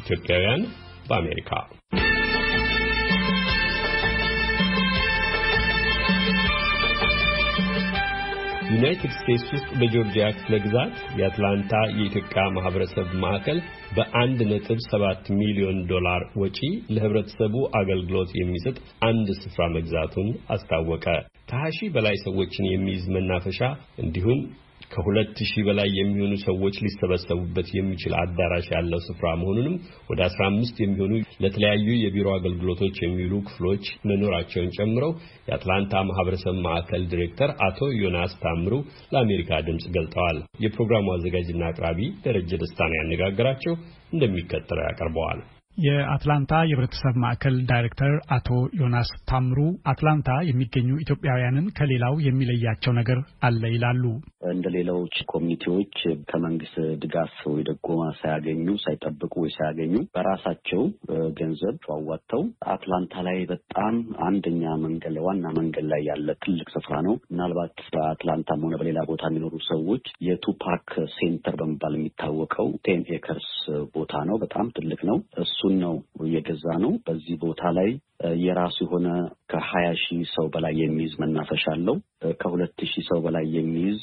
ኢትዮጵያውያን በአሜሪካ ዩናይትድ ስቴትስ ውስጥ በጆርጂያ ክፍለ ግዛት የአትላንታ የኢትዮጵያ ማህበረሰብ ማዕከል በአንድ ነጥብ ሰባት ሚሊዮን ዶላር ወጪ ለህብረተሰቡ አገልግሎት የሚሰጥ አንድ ስፍራ መግዛቱን አስታወቀ። ከሀያ ሺህ በላይ ሰዎችን የሚይዝ መናፈሻ እንዲሁም ከሁለት ሺህ በላይ የሚሆኑ ሰዎች ሊሰበሰቡበት የሚችል አዳራሽ ያለው ስፍራ መሆኑንም ወደ አስራ አምስት የሚሆኑ ለተለያዩ የቢሮ አገልግሎቶች የሚውሉ ክፍሎች መኖራቸውን ጨምረው የአትላንታ ማህበረሰብ ማዕከል ዲሬክተር አቶ ዮናስ ታምሩ ለአሜሪካ ድምፅ ገልጠዋል። የፕሮግራሙ አዘጋጅና አቅራቢ ደረጀ ደስታን ያነጋገራቸው እንደሚከተለው ያቀርበዋል። የአትላንታ የህብረተሰብ ማዕከል ዳይሬክተር አቶ ዮናስ ታምሩ አትላንታ የሚገኙ ኢትዮጵያውያንን ከሌላው የሚለያቸው ነገር አለ ይላሉ። እንደ ሌላዎች ኮሚኒቲዎች ከመንግስት ድጋፍ ወይ ድጎማ ሳያገኙ ሳይጠብቁ ወይ ሳያገኙ በራሳቸው ገንዘብ አዋጥተው አትላንታ ላይ በጣም አንደኛ መንገድ ላይ ዋና መንገድ ላይ ያለ ትልቅ ስፍራ ነው። ምናልባት በአትላንታም ሆነ በሌላ ቦታ የሚኖሩ ሰዎች የቱፓክ ሴንተር በመባል የሚታወቀው ቴን ኤከርስ ቦታ ነው። በጣም ትልቅ ነው። እሱን ነው የገዛ ነው። በዚህ ቦታ ላይ የራሱ የሆነ ከሀያ ሺህ ሰው በላይ የሚይዝ መናፈሻ አለው። ከሁለት ሺህ ሰው በላይ የሚይዝ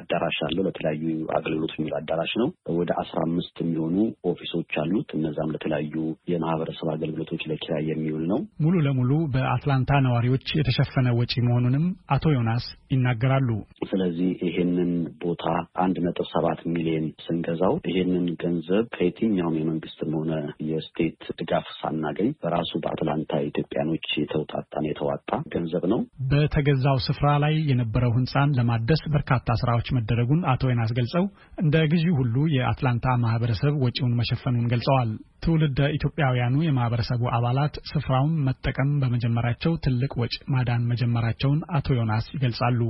አዳራሽ አለው። ለተለያዩ አገልግሎት የሚል አዳራሽ ነው። ወደ አስራ አምስት የሚሆኑ ኦፊሶች አሉት። እነዛም ለተለያዩ የማህበረሰብ አገልግሎቶች ለኪራይ የሚውል ነው። ሙሉ ለሙሉ በአትላንታ ነዋሪዎች የተሸፈነ ወጪ መሆኑንም አቶ ዮናስ ይናገራሉ። ስለዚህ ይሄንን ቦታ አንድ ነጥብ ሰባት ሚሊዮን ስንገዛው ይሄንን ገንዘብ ከየትኛውም የመንግስትም ሆነ የስቴት ድጋፍ ስናገኝ በራሱ በአትላንታ ኢትዮጵያኖች የተውጣጣን የተዋጣ ገንዘብ ነው። በተገዛው ስፍራ ላይ የነበረው ህንፃን ለማደስ በርካታ ስራዎች መደረጉን አቶ ወይናስ ገልጸው እንደ ግዢ ሁሉ የአትላንታ ማህበረሰብ ወጪውን መሸፈኑን ገልጸዋል። ትውልደ ኢትዮጵያውያኑ የማህበረሰቡ አባላት ስፍራውን መጠቀም በመጀመራቸው ትልቅ ወጪ ማዳን መጀመራቸውን አቶ ዮናስ ይገልጻሉ።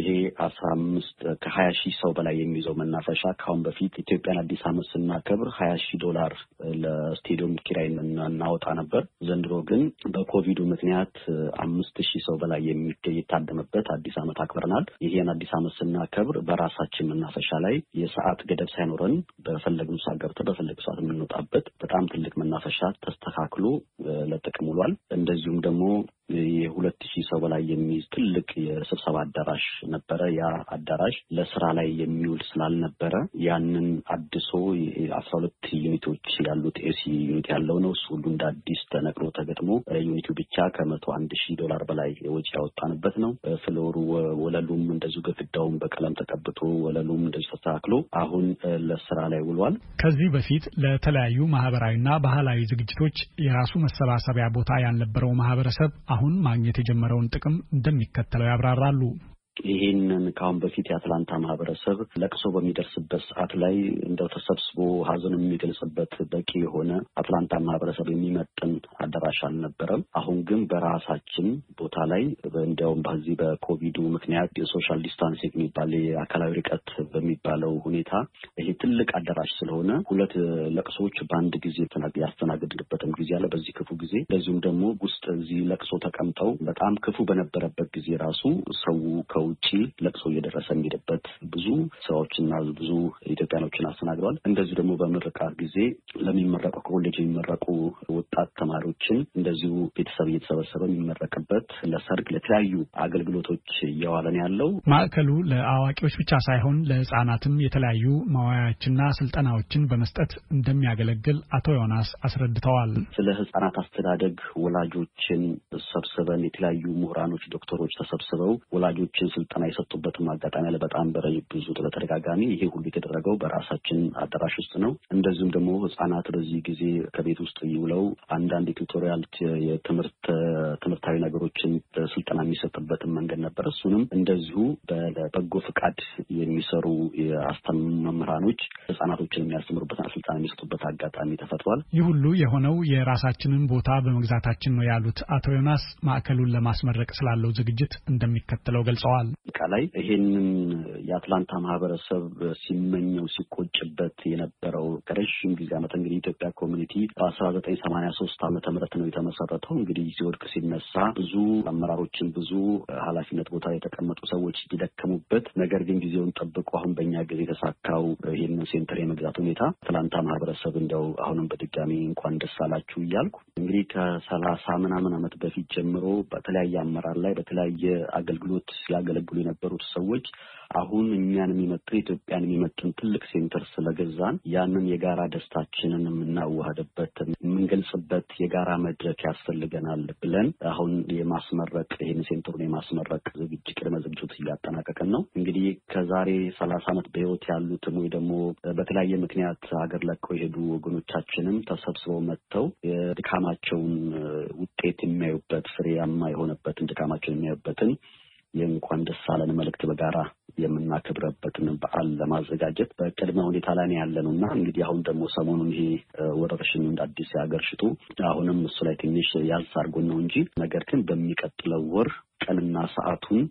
ይሄ አስራ አምስት ከሀያ ሺህ ሰው በላይ የሚይዘው መናፈሻ ከአሁን በፊት ኢትዮጵያን አዲስ ዓመት ስናከብር ሀያ ሺህ ዶላር ለስቴዲየም ኪራይ እናወጣ ነበር። ዘንድሮ ግን በኮቪዱ ምክንያት አምስት ሺህ ሰው በላይ የሚገኝ የታደመበት አዲስ ዓመት አክብረናል። ይሄን አዲስ ዓመት ስናከብር በራሳችን መናፈሻ ላይ የሰዓት ገደብ ሳይኖረን በፈለግነው ሰዓት ገብተን በፈለግ ሰዓት የምንወጣበት በጣም ትልቅ መናፈሻ ተስተካክሎ ለጥቅም ውሏል። እንደዚሁም ደግሞ የሁለት ሺህ ሰው በላይ የሚይዝ ትልቅ የስብሰባ አዳራሽ ነበረ። ያ አዳራሽ ለስራ ላይ የሚውል ስላልነበረ ያንን አድሶ አስራ ሁለት ዩኒቶች ያሉት ኤሲ ዩኒት ያለው ነው። እሱ ሁሉ እንደ አዲስ ተነቅሎ ተገጥሞ ዩኒቱ ብቻ ከመቶ አንድ ሺህ ዶላር በላይ ወጪ ያወጣንበት ነው። ፍሎሩ ወለሉም እንደዚሁ ግድግዳውም በቀለም ተቀብቶ ወለሉም እንደዚሁ ተስተካክሎ አሁን ለስራ ላይ ውሏል። ከዚህ በፊት ለተለያዩ ማህበራዊና ባህላዊ ዝግጅቶች የራሱ መሰባሰቢያ ቦታ ያልነበረው ማህበረሰብ አሁን ማግኘት የጀመረውን ጥቅም እንደሚከተለው ያብራራሉ። ይህንን ከአሁን በፊት የአትላንታ ማህበረሰብ ለቅሶ በሚደርስበት ሰዓት ላይ እንደው ተሰብስቦ ሀዘን የሚገልጽበት በቂ የሆነ አትላንታ ማህበረሰብ የሚመጥን አዳራሽ አልነበረም። አሁን ግን በራሳችን ቦታ ላይ እንዲያውም በዚህ በኮቪዱ ምክንያት የሶሻል ዲስታንሲንግ የሚባል የአካላዊ ርቀት በሚባለው ሁኔታ ይሄ ትልቅ አዳራሽ ስለሆነ ሁለት ለቅሶዎች በአንድ ጊዜ ያስተናግድበትም ጊዜ አለ። በዚህ ክፉ ጊዜ እንደዚሁም ደግሞ ውስጥ እዚህ ለቅሶ ተቀምጠው በጣም ክፉ በነበረበት ጊዜ ራሱ ሰው ከ ውጭ ለቅሶ እየደረሰ የሚሄድበት ብዙ ስራዎችና ብዙ ኢትዮጵያኖችን አስተናግደዋል። እንደዚሁ ደግሞ በምርቃት ጊዜ ለሚመረቁ ከኮሌጅ የሚመረቁ ወጣት ተማሪዎችን እንደዚሁ ቤተሰብ እየተሰበሰበ የሚመረቅበት ለሰርግ፣ ለተለያዩ አገልግሎቶች እየዋለን ያለው ማዕከሉ ለአዋቂዎች ብቻ ሳይሆን ለህጻናትም የተለያዩ ማዋያዎችና ስልጠናዎችን በመስጠት እንደሚያገለግል አቶ ዮናስ አስረድተዋል። ስለ ህጻናት አስተዳደግ ወላጆችን ሰብስበን የተለያዩ ምሁራኖች፣ ዶክተሮች ተሰብስበው ወላጆችን ስልጠና የሰጡበትም አጋጣሚ አለ። በጣም ብዙ በተደጋጋሚ ይሄ ሁሉ የተደረገው በራሳችን አዳራሽ ውስጥ ነው። እንደዚሁም ደግሞ ህጻናት በዚህ ጊዜ ከቤት ውስጥ ይውለው አንዳንድ የቱቶሪያል የትምህርት ትምህርታዊ ነገሮችን ስልጠና የሚሰጥበትን መንገድ ነበር። እሱንም እንደዚሁ በበጎ ፍቃድ የሚሰሩ የአስተም መምህራኖች ህጻናቶችን የሚያስተምሩበትና ስልጠና የሚሰጡበት አጋጣሚ ተፈጥሯል። ይህ ሁሉ የሆነው የራሳችንን ቦታ በመግዛታችን ነው ያሉት አቶ ዮናስ ማዕከሉን ለማስመረቅ ስላለው ዝግጅት እንደሚከተለው ገልጸዋል። ይላል። በአጠቃላይ ይሄንን የአትላንታ ማህበረሰብ ሲመኘው ሲቆጭበት የነበረው ከረዥም ጊዜ ዓመት እንግዲህ ኢትዮጵያ ኮሚኒቲ በአስራ ዘጠኝ ሰማንያ ሶስት ዓመተ ምህረት ነው የተመሰረተው። እንግዲህ ሲወድቅ ሲነሳ ብዙ አመራሮችን ብዙ ኃላፊነት ቦታ የተቀመጡ ሰዎች ሲደከሙበት፣ ነገር ግን ጊዜውን ጠብቆ አሁን በእኛ ጊዜ የተሳካው ይህንን ሴንተር የመግዛት ሁኔታ አትላንታ ማህበረሰብ እንደው አሁንም በድጋሚ እንኳን ደስ አላችሁ እያልኩ እንግዲህ ከሰላሳ ምናምን ዓመት በፊት ጀምሮ በተለያየ አመራር ላይ በተለያየ አገልግሎት ያገ ሲያገለግሉ የነበሩት ሰዎች አሁን እኛን የሚመጥን ኢትዮጵያን የሚመጥን ትልቅ ሴንተር ስለገዛን ያንን የጋራ ደስታችንን የምናዋህድበት የምንገልጽበት የጋራ መድረክ ያስፈልገናል ብለን አሁን የማስመረቅ ይህን ሴንተሩን የማስመረቅ ዝግጅ ቅድመ ዝግጅት እያጠናቀቅን ነው። እንግዲህ ከዛሬ ሰላሳ ዓመት በህይወት ያሉትም ወይ ደግሞ በተለያየ ምክንያት ሀገር ለቀው የሄዱ ወገኖቻችንም ተሰብስበው መጥተው የድካማቸውን ውጤት የሚያዩበት ፍሬያማ የሆነበትን ድካማቸውን የሚያዩበትን የእንኳን ደስ አለን መልእክት በጋራ የምናከብረበትን በዓል ለማዘጋጀት በቅድመ ሁኔታ ላይ ነው ያለ ነው እና እንግዲህ አሁን ደግሞ ሰሞኑን ይሄ ወረርሽኝ እንደ አዲስ የሀገር ሽጡ አሁንም እሱ ላይ ትንሽ ያዝ አድርጎን ነው እንጂ ነገር ግን በሚቀጥለው ወር ቀንና ሰዓቱን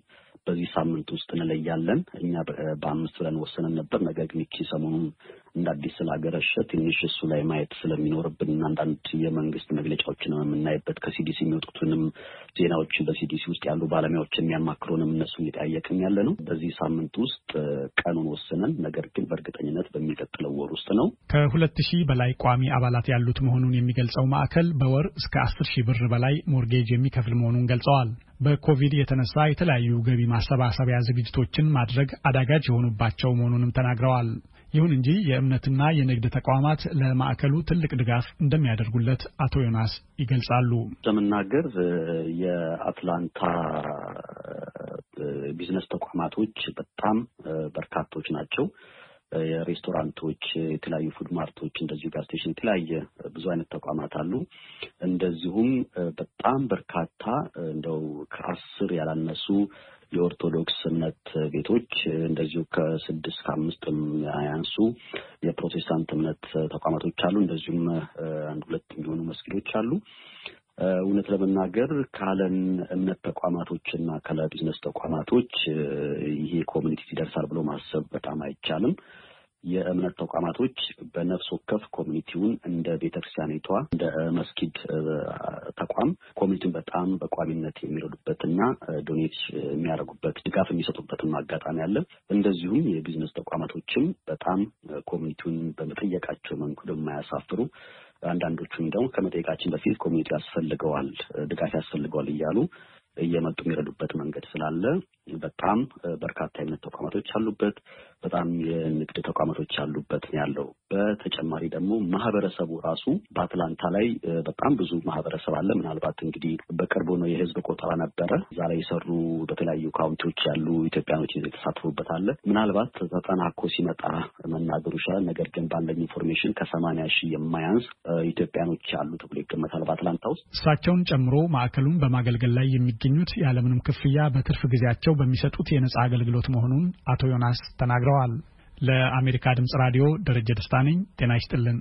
በዚህ ሳምንት ውስጥ እንለያለን። እኛ በአምስት ብለን ወስነን ነበር። ነገር ግን ይቺ ሰሞኑን እንደ አዲስ ስላገረሸ ትንሽ እሱ ላይ ማየት ስለሚኖርብን አንዳንድ የመንግስት መግለጫዎችን የምናይበት ከሲዲሲ የሚወጡትንም ዜናዎችን በሲዲሲ ውስጥ ያሉ ባለሙያዎች የሚያማክሩንም እነሱ እየጠያየቅን ያለ ነው። በዚህ ሳምንት ውስጥ ቀኑን ወስነን፣ ነገር ግን በእርግጠኝነት በሚቀጥለው ወር ውስጥ ነው። ከሁለት ሺህ በላይ ቋሚ አባላት ያሉት መሆኑን የሚገልጸው ማዕከል በወር እስከ አስር ሺህ ብር በላይ ሞርጌጅ የሚከፍል መሆኑን ገልጸዋል። በኮቪድ የተነሳ የተለያዩ ገቢ ማሰባሰቢያ ዝግጅቶችን ማድረግ አዳጋጅ የሆኑባቸው መሆኑንም ተናግረዋል። ይሁን እንጂ የእምነትና የንግድ ተቋማት ለማዕከሉ ትልቅ ድጋፍ እንደሚያደርጉለት አቶ ዮናስ ይገልጻሉ። ለመናገር የአትላንታ ቢዝነስ ተቋማቶች በጣም በርካቶች ናቸው። የሬስቶራንቶች፣ የተለያዩ ፉድ ማርቶች፣ እንደዚሁ ጋር ስቴሽን፣ የተለያየ ብዙ አይነት ተቋማት አሉ። እንደዚሁም በጣም በርካታ እንደው ከአስር ያላነሱ የኦርቶዶክስ እምነት ቤቶች እንደዚሁ ከስድስት ከአምስትም አያንሱ የፕሮቴስታንት እምነት ተቋማቶች አሉ። እንደዚሁም አንድ ሁለት የሚሆኑ መስጊዶች አሉ። እውነት ለመናገር ካለን እምነት ተቋማቶች እና ካለ ቢዝነስ ተቋማቶች ይሄ ኮሚኒቲ ይደርሳል ብሎ ማሰብ በጣም አይቻልም። የእምነት ተቋማቶች በነፍስ ወከፍ ኮሚኒቲውን እንደ ቤተክርስቲያኒቷ እንደ መስጊድ ተቋም ኮሚኒቲውን በጣም በቋሚነት የሚረዱበትና ዶኔት የሚያደርጉበት ድጋፍ የሚሰጡበትም አጋጣሚ አለ። እንደዚሁም የቢዝነስ ተቋማቶችም በጣም ኮሚኒቲውን በመጠየቃቸው መንገድ የማያሳፍሩ አንዳንዶቹም ደግሞ ከመጠየቃችን በፊት ኮሚኒቲ ያስፈልገዋል፣ ድጋፍ ያስፈልገዋል እያሉ እየመጡ የሚረዱበት መንገድ ስላለ በጣም በርካታ የእምነት ተቋማቶች አሉበት። በጣም የንግድ ተቋማቶች ያሉበት ነው ያለው በተጨማሪ ደግሞ ማህበረሰቡ ራሱ በአትላንታ ላይ በጣም ብዙ ማህበረሰብ አለ። ምናልባት እንግዲህ በቅርቡ ነው የህዝብ ቆጠራ ነበረ። እዛ ላይ የሰሩ በተለያዩ ካውንቲዎች ያሉ ኢትዮጵያኖች የተሳተፉበት አለ። ምናልባት ተጠናኮ ሲመጣ መናገሩ ይችላል። ነገር ግን ባለኝ ኢንፎርሜሽን ከሰማንያ ሺህ የማያንስ ኢትዮጵያኖች አሉ ተብሎ ይገመታል በአትላንታ ውስጥ። እሳቸውን ጨምሮ ማዕከሉን በማገልገል ላይ የሚገኙት ያለምንም ክፍያ በትርፍ ጊዜያቸው በሚሰጡት የነጻ አገልግሎት መሆኑን አቶ ዮናስ ተናግረዋል። ለአሜሪካ ድምፅ ራዲዮ ደረጀ ደስታ ነኝ። ጤና ይስጥልን።